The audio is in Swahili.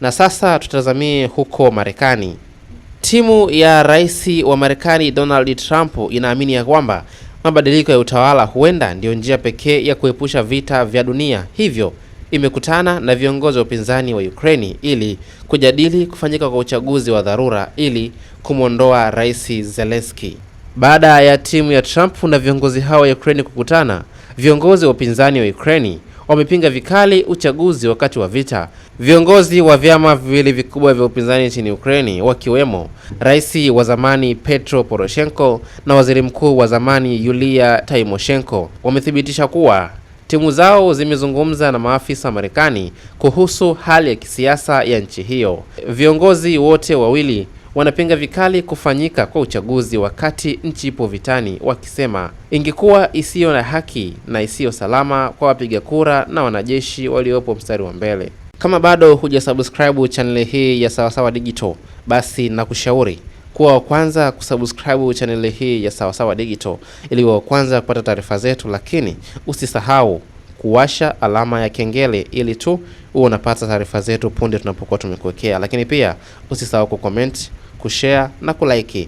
Na sasa tutazamie huko Marekani. Timu ya rais wa Marekani Donald Trump inaamini ya kwamba mabadiliko ya utawala huenda ndiyo njia pekee ya kuepusha vita vya dunia, hivyo imekutana na viongozi wa upinzani wa Ukraine ili kujadili kufanyika kwa uchaguzi wa dharura ili kumwondoa rais Zelensky. Baada ya timu ya Trump na viongozi hao wa Ukraine kukutana, viongozi wa upinzani wa Ukraine wamepinga vikali uchaguzi wakati wa vita. Viongozi wa vyama viwili vikubwa vya upinzani nchini Ukraini wakiwemo rais wa zamani Petro Poroshenko na waziri mkuu wa zamani Yulia Tymoshenko wamethibitisha kuwa timu zao zimezungumza na maafisa wa Marekani kuhusu hali ya kisiasa ya nchi hiyo. Viongozi wote wawili wanapinga vikali kufanyika kwa uchaguzi wakati nchi ipo vitani, wakisema ingekuwa isiyo na haki na isiyo salama kwa wapiga kura na wanajeshi waliopo mstari wa mbele. Kama bado hujasubscribe chaneli hii ya Sawasawa Digital, basi nakushauri kuwa wa kwanza kusubscribe chaneli hii ya Sawasawa Digital ili wa kwanza kupata taarifa zetu, lakini usisahau kuwasha alama ya kengele ili tu huu unapata taarifa zetu punde tunapokuwa tumekuwekea, lakini pia usisahau kucomment, kushare na kulike